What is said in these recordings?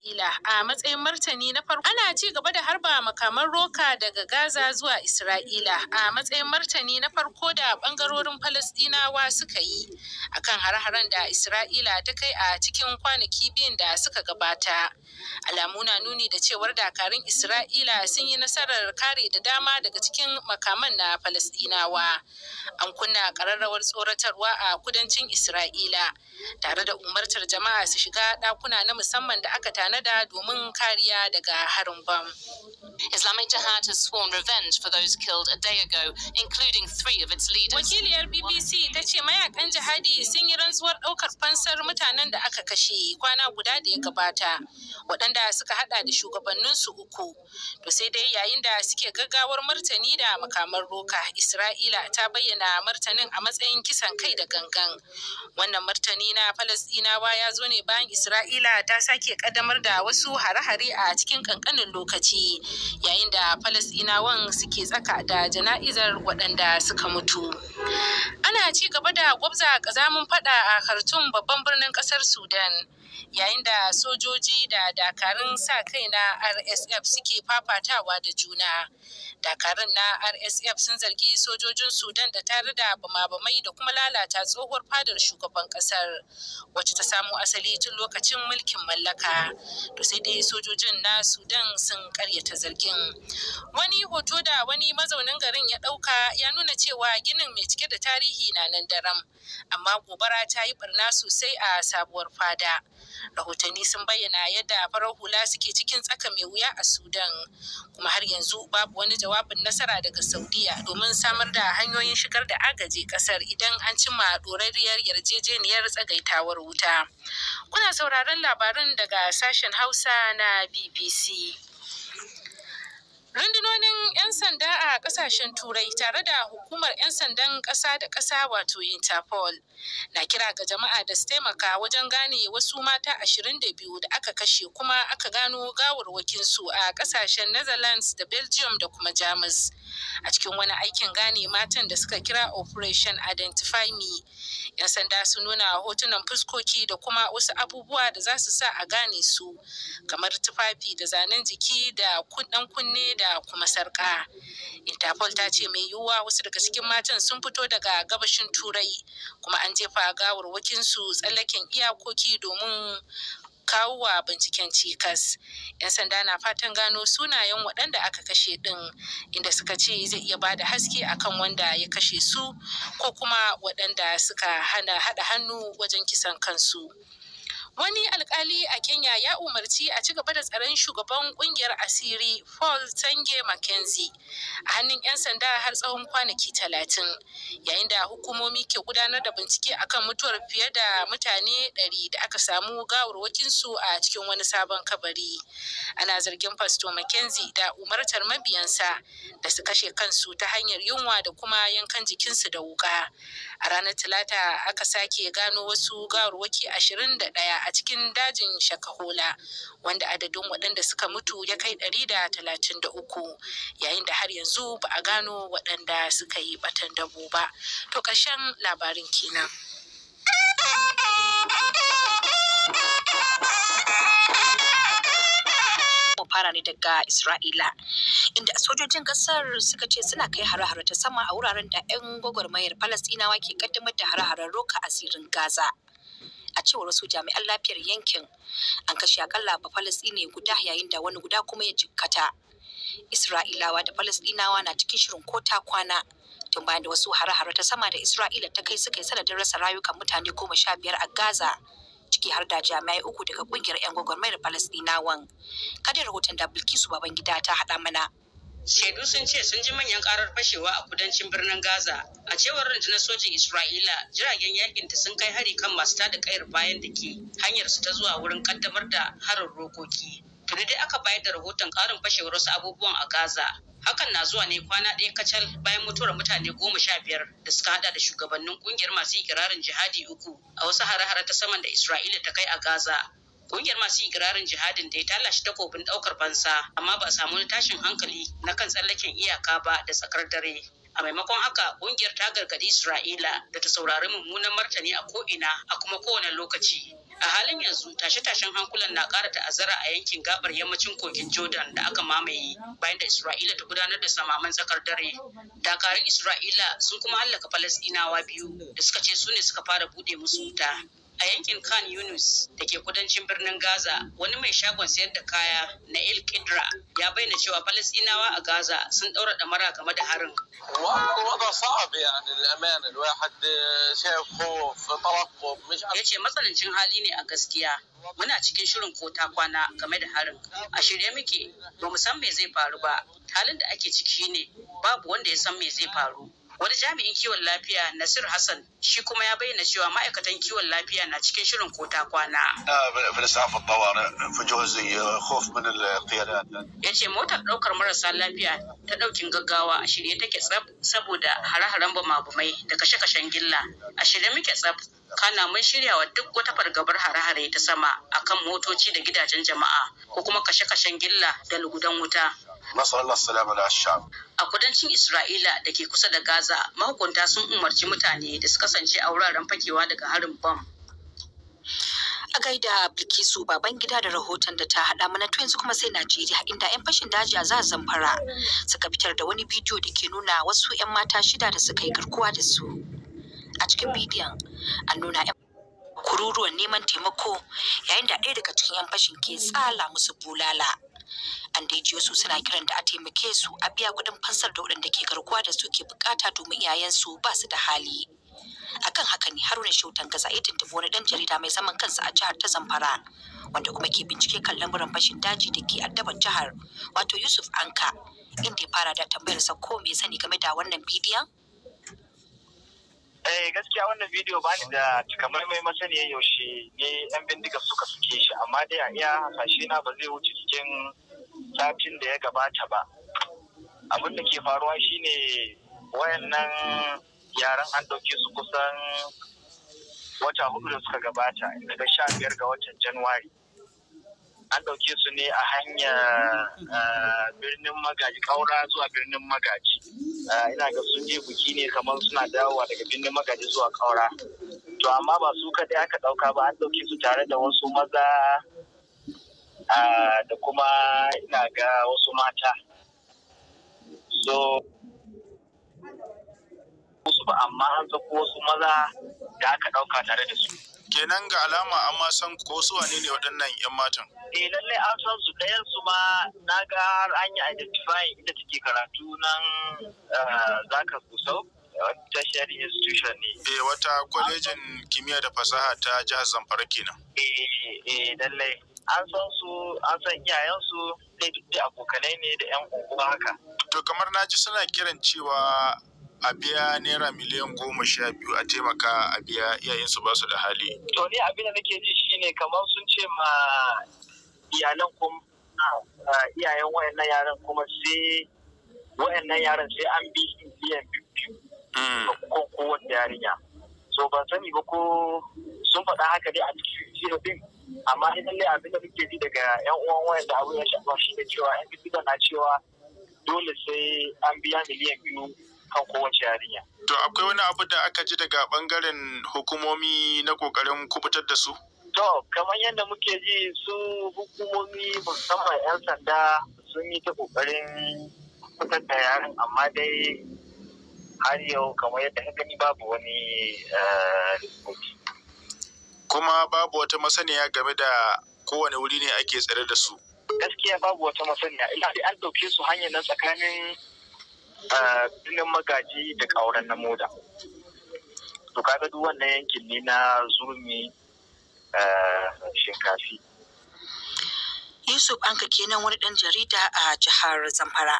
Isra'ila a matsayin martani na farko. Ana ci gaba da harba makaman roka daga Gaza zuwa Isra'ila a matsayin martani na farko da bangarorin Falasɗinawa suka yi akan har-haren da Isra'ila ta kai a cikin kwanaki biyun da suka gabata. Alamu na nuni da cewar dakarun Isra'ila sun yi nasarar kare da dama daga cikin makaman na Falasɗinawa. An kunna ƙararrawar tsoratarwa a kudancin Isra'ila tare da umartar jama'a su shiga dakuna na musamman da aka Canada domin kariya daga harin bom. Islamic Jihad has sworn revenge for those killed a day ago, including three of its leaders. Wakiliyar BBC ta ce mayakan jihadi sun yi rantsuwar ɗaukar fansar mutanen da aka kashe kwana guda da ya gabata, waɗanda suka haɗa da shugabanninsu uku. To sai dai yayin da suke gaggawar martani da makamar roka, Isra'ila ta bayyana martanin a matsayin kisan kai da gangan. Wannan martani na Falasɗinawa ya zo ne bayan Isra'ila ta sake ƙaddamar da wasu hare-hare a cikin kankanin lokaci yayin da falasɗinawan suke tsaka da jana'izar waɗanda suka mutu ana ci gaba da gwabza ƙazamin fada a kartun babban birnin ƙasar sudan yayin da sojoji da dakarun sa kai na rsf suke fafatawa da juna dakarun na rsf sun zargi sojojin sudan da tare da bama-bamai da kuma lalata tsohuwar fadar shugaban kasar wacce ta samu asali tun lokacin mulkin mallaka to sai dai sojojin na sudan sun karyata zargin wani hoto da wani mazaunin garin ya dauka ya nuna cewa ginin mai cike da tarihi na nan daram amma gobara ta yi barna sosai a sabuwar fada rahotanni sun bayyana yadda farar hula suke cikin tsaka mai wuya a sudan kuma har yanzu babu wani jawabin nasara daga saudiya domin samar da hanyoyin shigar da agaji kasar idan an cimma ɗorarriyar yarjejeniyar tsagaitawar wuta kuna sauraron labarin daga sashen sashen Hausa na BBC. Rundunonin 'yan sanda a kasashen Turai tare da hukumar 'yan sandan ƙasa da ƙasa wato Interpol na kira ga jama'a da su taimaka wajen gane wasu mata 22 da aka kashe kuma aka gano gawarwakinsu a ƙasashen Netherlands da Belgium da kuma Jamus. A cikin wani aikin gane matan da suka kira Operation Identify Me, 'yan sanda su nuna hotunan fuskoki da kuma wasu abubuwa da za su sa a gane su, kamar tufafi da zanen jiki da ɗan kunne da kuma Sarka, Interpol ta ce mai yiwuwa wasu daga cikin matan sun fito daga gabashin Turai kuma an jefa gawarwakinsu tsallaken iyakoki domin kawowa binciken cikas. 'Yan sanda na fatan gano sunayen waɗanda aka kashe ɗin inda suka ce zai iya bada haske akan wanda ya kashe su ko kuma waɗanda suka hana haɗa hannu wajen kisan kansu. Wani alkali a Kenya ya umarci a ci gaba da tsaron shugaban kungiyar asiri Paul Tange Mackenzie a hannun 'yan sanda har tsawon kwanaki talatin yayin da hukumomi ke gudanar da bincike a kan mutuwar fiye da mutane ɗari da aka samu gawarwakinsu a cikin wani sabon kabari. Ana zargin Fasto Mackenzie da umartar mabiyansa da su kashe kansu ta hanyar yunwa da kuma yankan jikinsu da wuka. A ranar Talata aka sake gano wasu gawarwaki ɗaya a a cikin dajin shakahola wanda adadin waɗanda suka mutu ya kai ɗari da talatin da uku yayin da har yanzu ba a gano waɗanda suka yi batan dabo ba to ƙarshen labarin kenan. fara ne daga Isra'ila. Inda sojojin ƙasar suka ce suna kai hare-hare ta sama a wuraren da 'yan gwagwarmayar Falasɗinawa ke kaddamar da hare-haren roka asirin Gaza. a cewar wasu jami'an lafiyar yankin an kashe akalla ba falastine guda yayin da wani guda kuma ya jikkata isra'ilawa da falastinawa na cikin shirin kota kwana tun bayan da wasu hare-hare ta sama da isra'ila ta kai suka yi sanadin rasa rayukan mutane goma sha biyar a gaza ciki har da jami'ai uku daga kungiyar 'yan gwagwarmayar falastinawan kadai rahoton da bilkisu babangida ta haɗa mana shaidu sun ce sun ji manyan karar fashewa a kudancin birnin gaza a cewar rundunar sojin isra'ila jiragen yakin ta sun kai hari kan masu tada kayar bayan da ke hanyar su ta zuwa wurin kaddamar da harin rokoki tuni dai aka bayar da rahoton karin fashewar wasu abubuwan a gaza hakan na zuwa ne kwana ɗaya kacal bayan mutuwar mutane goma sha biyar da suka haɗa da shugabannin kungiyar masu ikirarin jihadi uku a wasu hare-hare ta saman da isra'ila ta kai a gaza Kungiyar masu ikirarin jihadin da ya ta lashe takobin daukar fansa amma ba a samu tashin hankali na kan tsallaken iyaka ba da tsakar dare. a maimakon haka kungiyar ta gargaɗi isra'ila da ta saurari mummunan martani a ko'ina a kuma kowane lokaci a halin yanzu tashe-tashen hankulan na ƙara ta'azzara a yankin gabar yammacin kogin jordan da aka mamaye bayan da isra'ila ta gudanar da samaman tsakar dare dakarun isra'ila sun kuma hallaka falasɗinawa biyu da suka ce su ne suka fara buɗe musu wuta a yankin Khan Yunus da ke kudancin birnin Gaza wani mai shagon sayar da kaya na El Kidra ya bayyana cewa Falasɗinawa a Gaza sun ɗaura ɗamara game da harin. Ya ce matsanancin hali ne a gaskiya. Muna cikin shirin ko kwana game da harin. A shirye muke, ba mu san me zai faru ba. Halin da ake ciki ne, babu wanda ya san me zai faru. wani jami'in kiwon lafiya nasir hassan shi kuma ya bayyana cewa ma'aikatan kiwon lafiya na cikin shirin kota kwana uh, uh, ya ce motar ɗaukar marasa lafiya ta ɗaukin gaggawa a shirye take tsab saboda hare-haren mabumai da kashe-kashen gilla a shirye muke tsab kana mun shirya wa duk wata fargabar hare-hare ta sama akan motoci da gidajen jama'a ko kuma kashe-kashen gilla da lugudan wuta nasallar salama da sham a kudancin isra'ila da ke kusa da gaza mahukunta sun umarci mutane da su kasance a wuraren fakewa daga harin bom a gaida bilkisu baban gida da rahoton da ta haɗa mana yanzu kuma sai najeriya inda 'yan fashin daji a zamfara suka fitar da wani bidiyo da ke nuna wasu 'yan mata shida da suka yi garkuwa da su a cikin bidiyon an nuna 'yan kururuwan neman taimako yayin da ɗaya daga cikin 'yan fashin ke tsala musu bulala an dai suna kiran da a taimake su a biya kudin fansar da wadanda ke garkuwa da su ke bukata domin iyayensu ba su da hali akan haka ne haruna shautan gaza ya tuntubi wani dan jarida mai zaman kansa a jihar ta zamfara wanda kuma ke bincike kan lamuran fashin daji da ke addaban jihar wato yusuf anka inda ya fara da tambayarsa ko me sani game da wannan bidiyon Eh gaskiya wannan bidiyo ba ni da takamaiman ya yaushe ne yan bindiga suka suke shi amma dai a iya hasashe na ba zai wuce cikin satin da ya gabata ba. Abin da ke faruwa shine wayannan yaran an ɗauke su kusan wata hudu da suka gabata daga sha biyar ga watan Januwari. an ɗauke su ne a hanya eh, birnin magaji ƙaura zuwa birnin magaji eh, ina ga sun je buki ne kamar suna dawowa daga birnin magaji zuwa ƙaura. to amma ba su kaɗai aka ɗauka ba an ɗauke su tare da wasu maza eh, da kuma ina ga wasu mata so wasu ba amma an zafi wasu maza da aka ɗauka tare da su kenan ga alama an ma san ko su wane ne waɗannan 'yan matan eh lallai an san su ɗayan su ma na ga an yi identify inda take karatu nan eh, zaka kusau tertiary institution ne eh wata kwalejin kimiyya da fasaha ta jihar zamfara kenan eh eh lallai an san su an san iyayensu sai duk da abokanai ne da yan unguwa haka to kamar na ji suna kiran cewa a biya naira miliyan goma sha biyu a taimaka a biya iyayensu ba su da hali. To ni abin da nake ji shine kamar sun ce ma iyalan kuma iyayen wayannan yaran kuma sai wayannan yaran sai an bi biyan biyu hmm. ko kowace yarinya. So ban sani ba ko sun faɗa haka dai a cikin jiya din amma idan ne abin da nake ji daga yan uwan wayan da abu ya shafa shi ne cewa yan na cewa dole sai an biya miliyan biyu kan kowace yarinya. To akwai wani abu da aka ji daga bangaren hukumomi na kokarin kubutar da su? To kamar yadda muke ji su hukumomi musamman 'yan sanda sun yi ta kokarin kubutar da yaran amma dai har yau kamar yadda ka gani babu wani eh, Kuma babu wata masaniya game da kowane wuri ne ake tsare da su. Gaskiya babu wata masaniya ina da an ɗauke su hanyar nan tsakanin filin magaji da ƙauren na moda to kaga duk wannan yankin ne na zurmi shinkafi Yusuf Anka kenan wani ɗan jarida a jihar Zamfara.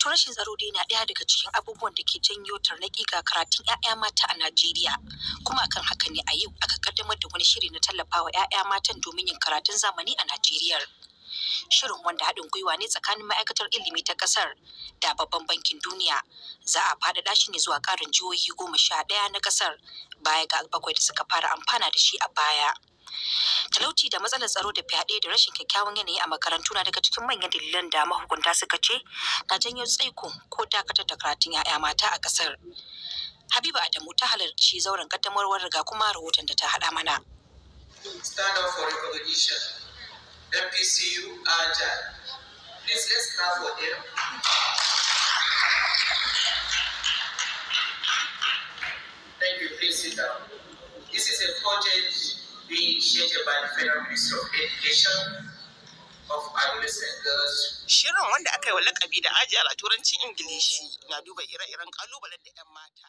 To rashin tsaro dai na ɗaya daga cikin abubuwan da ke janyo tarnaƙi ga karatun 'ya'ya mata a Najeriya. Kuma akan haka ne a yau aka ƙaddamar da wani shiri na tallafawa 'ya'ya matan domin yin karatun zamani a Najeriya. Shirin wanda haɗin gwiwa ne tsakanin ma'aikatar ilimi ta ƙasar da babban bankin duniya za a faɗaɗa shi ne zuwa ƙarin jihohi goma sha ɗaya na ƙasar baya ga bakwai da suka fara amfana da shi a baya. talauci da matsalar tsaro da fyaɗe da rashin kyakkyawan yanayi a makarantu na daga cikin manyan dalilan da mahukunta suka ce na janyo tsaiko ko dakatar da karatun 'ya'ya mata a ƙasar habiba adamu ta halarci zauren kaddamarwar riga kuma rahoton da ta haɗa mana. MPCU, and please let's clap for them. Thank you. Please sit down. This is a project being initiated by the Federal Ministry of Education Shirin wanda aka yi wa lakabi da ajiyar a turancin Ingilishi na duba ire-iren kalubalen da 'yan mata.